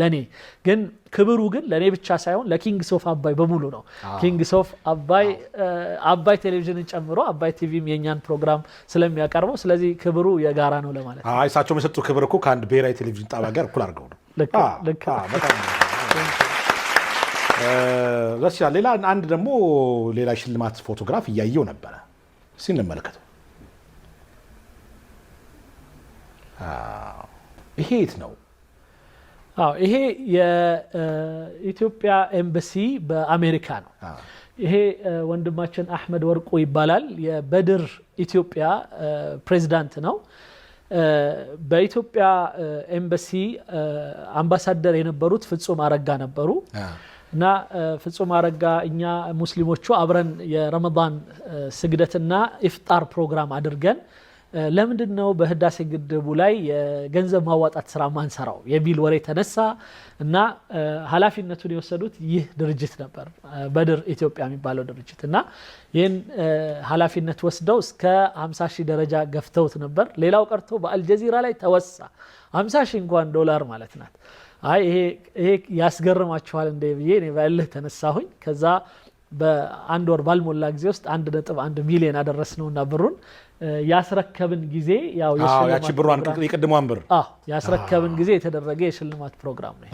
ለእኔ ግን ክብሩ ግን ለእኔ ብቻ ሳይሆን ለኪንግስ ኦፍ አባይ በሙሉ ነው። ኪንግስ ኦፍ አባይ አባይ ቴሌቪዥንን ጨምሮ አባይ ቲቪም የእኛን ፕሮግራም ስለሚያቀርበው ስለዚህ ክብሩ የጋራ ነው ለማለት ነው። እሳቸውም የሰጡ ክብር እኮ ከአንድ ብሔራዊ ቴሌቪዥን ጣቢያ ጋር እኩል አድርገው ነው። ሌላ አንድ ደግሞ ሌላ ሽልማት ፎቶግራፍ እያየው ነበረ። እስኪ እንመለከተው። ይሄ የት ነው? አዎ ይሄ የኢትዮጵያ ኤምባሲ በአሜሪካ ነው። ይሄ ወንድማችን አህመድ ወርቁ ይባላል። የበድር ኢትዮጵያ ፕሬዚዳንት ነው። በኢትዮጵያ ኤምባሲ አምባሳደር የነበሩት ፍጹም አረጋ ነበሩ እና ፍጹም አረጋ እኛ ሙስሊሞቹ አብረን የረመዳን ስግደትና ኢፍጣር ፕሮግራም አድርገን ለምንድን ነው በህዳሴ ግድቡ ላይ የገንዘብ ማዋጣት ስራ ማንሰራው የሚል ወሬ ተነሳ እና ኃላፊነቱን የወሰዱት ይህ ድርጅት ነበር፣ በድር ኢትዮጵያ የሚባለው ድርጅት እና ይህን ኃላፊነት ወስደው እስከ 50 ሺህ ደረጃ ገፍተውት ነበር። ሌላው ቀርቶ በአልጀዚራ ላይ ተወሳ 50 ሺህ እንኳን ዶላር ማለት ናት። አይ ይሄ ያስገርማችኋል እንደ ብዬ ባልህ ተነሳሁኝ። ከዛ በአንድ ወር ባልሞላ ጊዜ ውስጥ አንድ ነጥብ አንድ ሚሊዮን አደረስ እና ብሩን ያስረከብን ጊዜ ያቺ ብሯን የቅድሟን ብር ያስረከብን ጊዜ የተደረገ የሽልማት ፕሮግራም ነው።